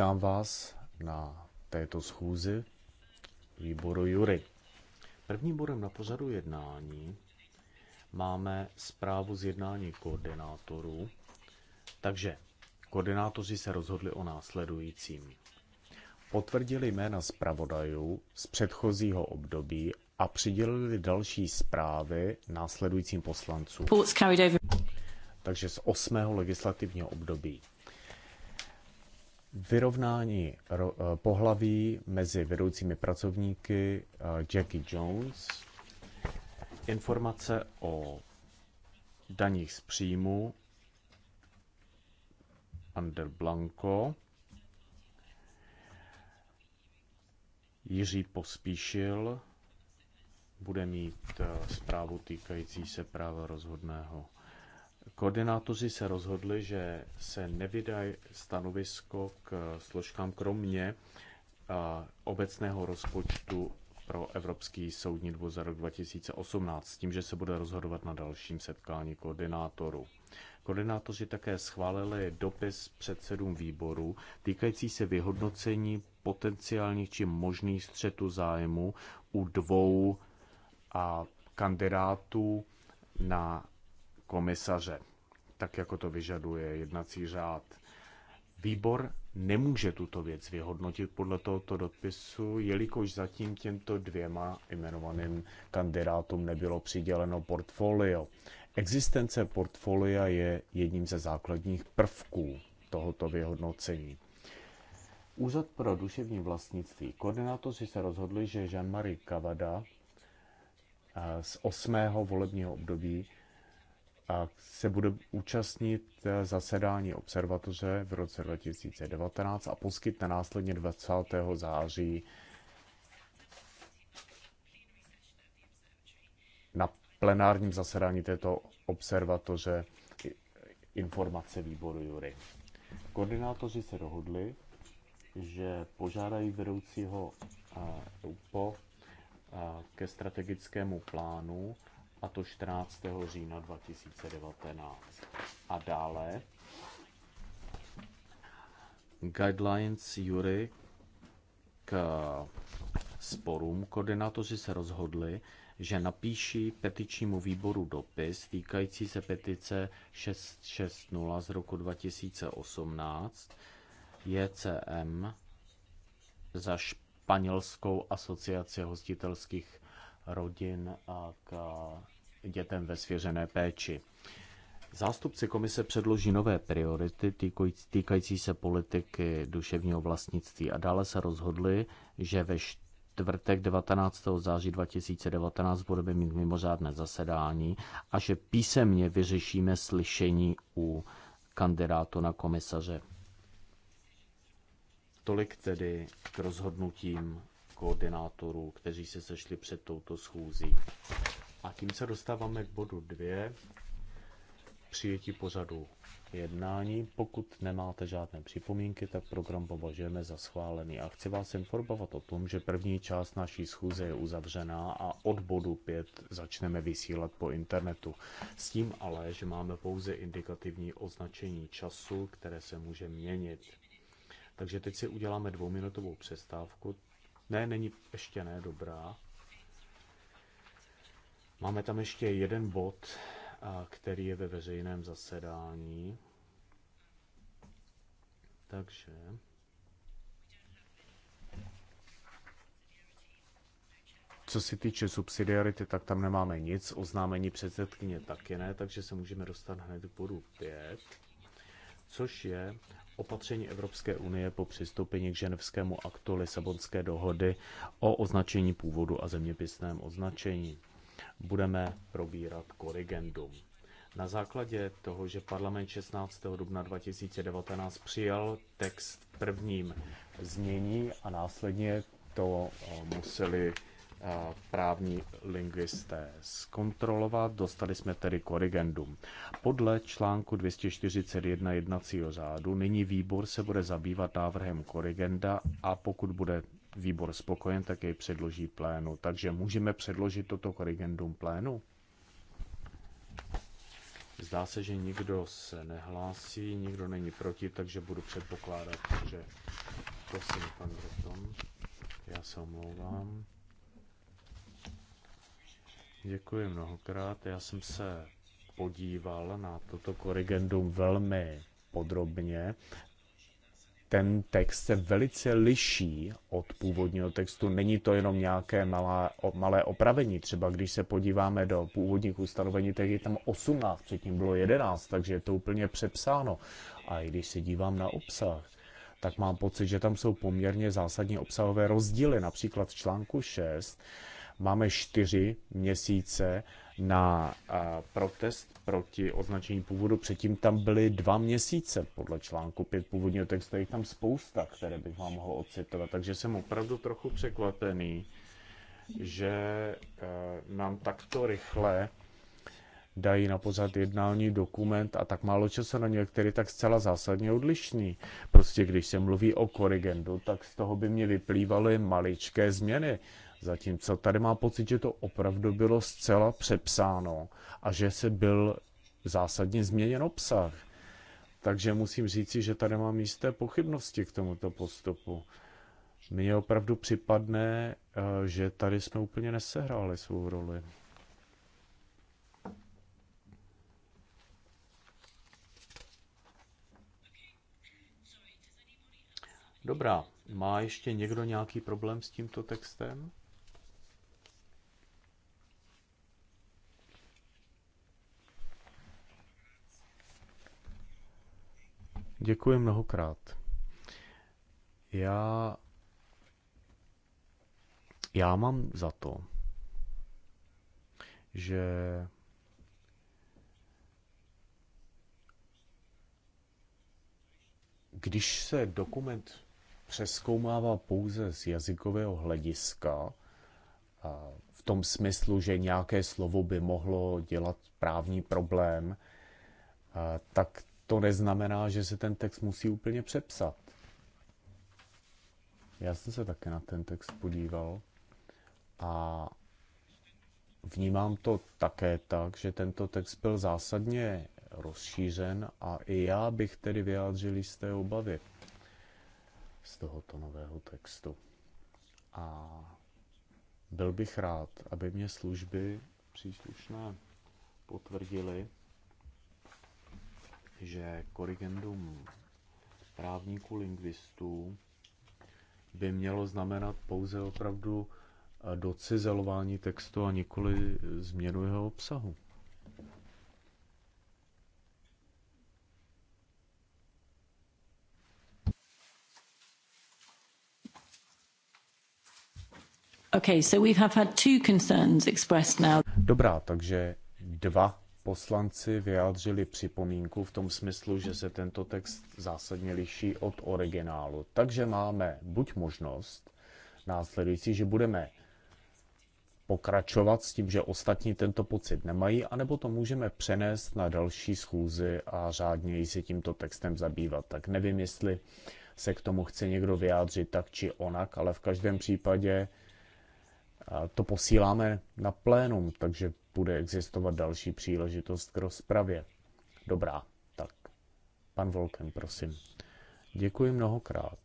Vítám vás na této schůzi výboru Jury. Prvním bodem na pořadu jednání máme zprávu z jednání koordinátorů. Takže koordinátoři se rozhodli o následujícím. Potvrdili jména zpravodajů z předchozího období a přidělili další zprávy následujícím poslancům. Takže z osmého legislativního období vyrovnání eh, pohlaví mezi vedoucími pracovníky eh, Jackie Jones, informace o daních z příjmu Under Blanco, Jiří Pospíšil bude mít eh, zprávu týkající se práva rozhodného Koordinátoři se rozhodli, že se nevydají stanovisko k složkám kromě obecného rozpočtu pro Evropský soudní dvůr za rok 2018, s tím, že se bude rozhodovat na dalším setkání koordinátorů. Koordinátoři také schválili dopis předsedům výboru týkající se vyhodnocení potenciálních či možných střetů zájmu u dvou a kandidátů na komisaře, tak jako to vyžaduje jednací řád. Výbor nemůže tuto věc vyhodnotit podle tohoto dopisu, jelikož zatím těmto dvěma jmenovaným kandidátům nebylo přiděleno portfolio. Existence portfolia je jedním ze základních prvků tohoto vyhodnocení. Úřad pro duševní vlastnictví. Koordinátoři se rozhodli, že Jean-Marie Kavada eh, z 8. volebního období se bude účastnit eh, zasedání observatoře v roce 2019 a poskytne následně 20. září na plenárním zasedání této observatoře informace výboru Jury. Koordinátoři se dohodli, že požádají vedoucího eh, UPO eh, ke strategickému plánu a to 14. října 2019. A dále Guidelines Jury k sporům koordinátoři se rozhodli, že napíší petičnímu výboru dopis týkající se petice 660 z roku 2018 JCM za Španělskou asociaci hostitelských rodin a k dětem ve svěřené péči. Zástupci komise předloží nové priority týkající se politiky duševního vlastnictví a dále se rozhodli, že ve čtvrtek 19. září 2019 budeme mít mimořádné zasedání a že písemně vyřešíme slyšení u kandidátu na komisaře. Tolik tedy k rozhodnutím koordinátorů, kteří se sešli před touto schůzí. A tím se dostáváme k bodu 2, přijetí pořadu jednání. Pokud nemáte žádné připomínky, tak program považujeme za schválený. A chci vás informovat o tom, že první část naší schůze je uzavřená a od bodu 5 začneme vysílat po internetu. S tím ale, že máme pouze indikativní označení času, které se může měnit. Takže teď si uděláme dvouminutovou přestávku, ne, není ještě ne, dobrá. Máme tam ještě jeden bod, který je ve veřejném zasedání. Takže... Co se týče subsidiarity, tak tam nemáme nic, oznámení předsedkyně taky ne, takže se můžeme dostat hned k bodu 5, což je opatření Evropské unie po přistoupení k ženevskému aktu Lisabonské dohody o označení původu a zeměpisném označení. Budeme probírat korrigendum. Na základě toho, že parlament 16. dubna 2019 přijal text prvním znění a následně to eh, museli právní lingvisté zkontrolovat. Dostali jsme tedy korrigendum. Podle článku 241 jednacího řádu nyní výbor se bude zabývat návrhem korrigenda a pokud bude výbor spokojen, tak jej předloží plénu. Takže můžeme předložit toto korrigendum plénu? Zdá se, že nikdo se nehlásí, nikdo není proti, takže budu předpokládat, že prosím, pan Breton, já se omlouvám. Děkuji mnohokrát. Já jsem se podíval na toto korrigendum velmi podrobně. Ten text se velice liší od původního textu. Není to jenom nějaké malé, malé opravení. Třeba když se podíváme do původních ustanovení, tak je tam 18, předtím bylo 11, takže je to úplně přepsáno. A i když se dívám na obsah, tak mám pocit, že tam jsou poměrně zásadní obsahové rozdíly. Například v článku 6 Máme čtyři měsíce na eh, protest proti označení původu. Předtím tam byly dva měsíce podle článku pět původního textu. Je tam spousta, které bych vám mohl ocitovat. Takže jsem opravdu trochu překvapený, že eh, nám takto rychle dají na pořad jednání dokument a tak málo času na něj, který tak zcela zásadně odlišný. Prostě když se mluví o korigendu, tak z toho by mě vyplývaly maličké změny. Zatímco tady má pocit, že to opravdu bylo zcela přepsáno a že se byl zásadně změněn obsah. Takže musím říci, že tady mám jisté pochybnosti k tomuto postupu. Mně opravdu připadne, eh, že tady jsme úplně nesehráli svou roli. Dobrá, má ještě někdo nějaký problém s tímto textem? Děkuji mnohokrát. Já, já mám za to, že když se dokument přeskoumává pouze z jazykového hlediska, v tom smyslu, že nějaké slovo by mohlo dělat právní problém, tak to neznamená, že se ten text musí úplně přepsat. Já jsem se také na ten text podíval a vnímám to také tak, že tento text byl zásadně rozšířen a i já bych tedy vyjádřil té obavy z tohoto nového textu. A byl bych rád, aby mě služby příslušné potvrdili, že korrigendum právníků lingvistů by mělo znamenat pouze opravdu eh, docizelování textu a nikoli změnu jeho obsahu. Okay, so we have had two concerns expressed now. Dobrá, takže dva poslanci vyjádřili připomínku v tom smyslu, že se tento text zásadně liší od originálu. Takže máme buď možnost následující, že budeme pokračovat s tím, že ostatní tento pocit nemají, anebo to můžeme přenést na další schůzi a řádněji se tímto textem zabývat. Tak nevím, jestli se k tomu chce někdo vyjádřit tak či onak, ale v každém případě to posíláme na plénum, takže bude existovat další příležitost k rozpravě. Dobrá, tak pan Volken, prosím. Děkuji mnohokrát.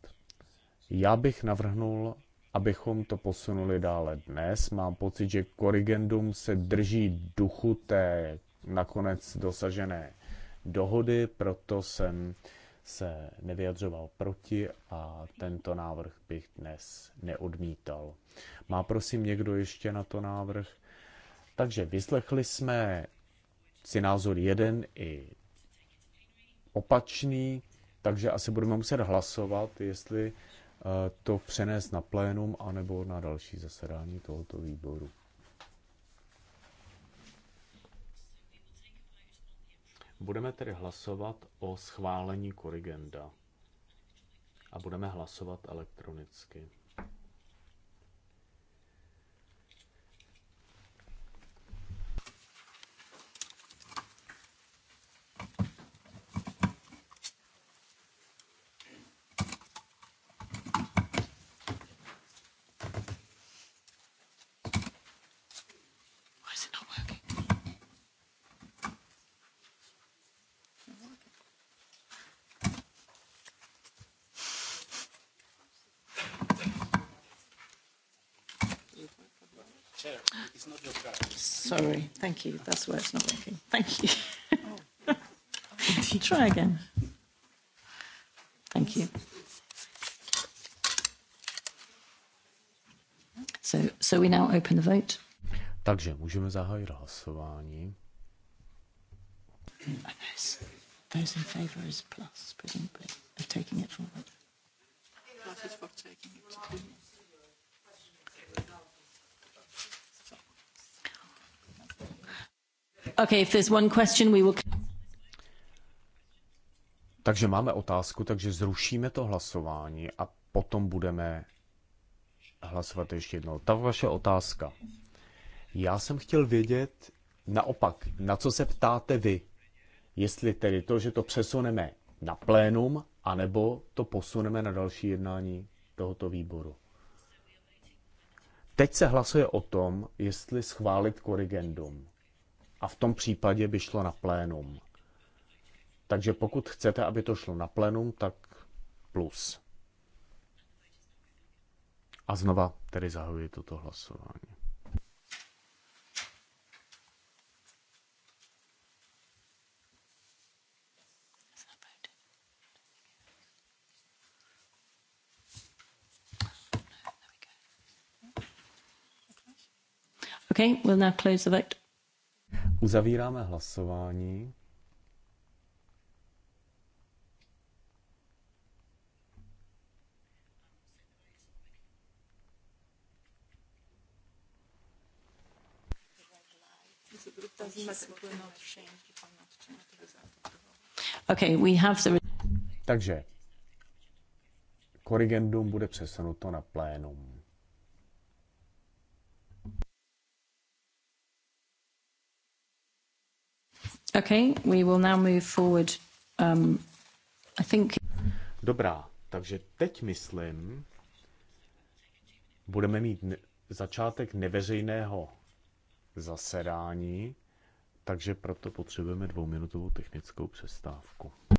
Já bych navrhnul, abychom to posunuli dále dnes. Mám pocit, že korrigendum se drží duchu té nakonec dosažené dohody, proto jsem se nevyjadřoval proti a tento návrh bych dnes neodmítal. Má prosím někdo ještě na to návrh? Takže vyslechli jsme si názor jeden i opačný, takže asi budeme muset hlasovat, jestli eh, to přenést na plénum anebo na další zasedání tohoto výboru. Budeme tedy hlasovat o schválení korigenda a budeme hlasovat elektronicky. Sorry, thank you. That's why it's not working. Thank you. Try again. Thank you. So, so we now open the vote. Takže můžeme zahájit hlasování. those, those in favour is plus, presumably, of taking it forward. Plus is for taking it to Okay, if there's one question, we will... Takže máme otázku, takže zrušíme to hlasování a potom budeme hlasovat ještě jednou. Ta vaše otázka. Já jsem chtěl vědět naopak, na co se ptáte vy. Jestli tedy to, že to přesuneme na plénum, anebo to posuneme na další jednání tohoto výboru. Teď se hlasuje o tom, jestli schválit korigendum a v tom případě by šlo na plénum. Takže pokud chcete, aby to šlo na plénum, tak plus. A znova tedy zahajuji toto hlasování. Okay, we'll now close the vote. Uzavíráme hlasování. Okay, we have the... Takže korigendum bude přesunuto na plénum. Okay, we will now move forward. Um, I think... Dobrá, takže teď myslím, budeme mít ne- začátek neveřejného zasedání, takže proto potřebujeme dvouminutovou technickou přestávku.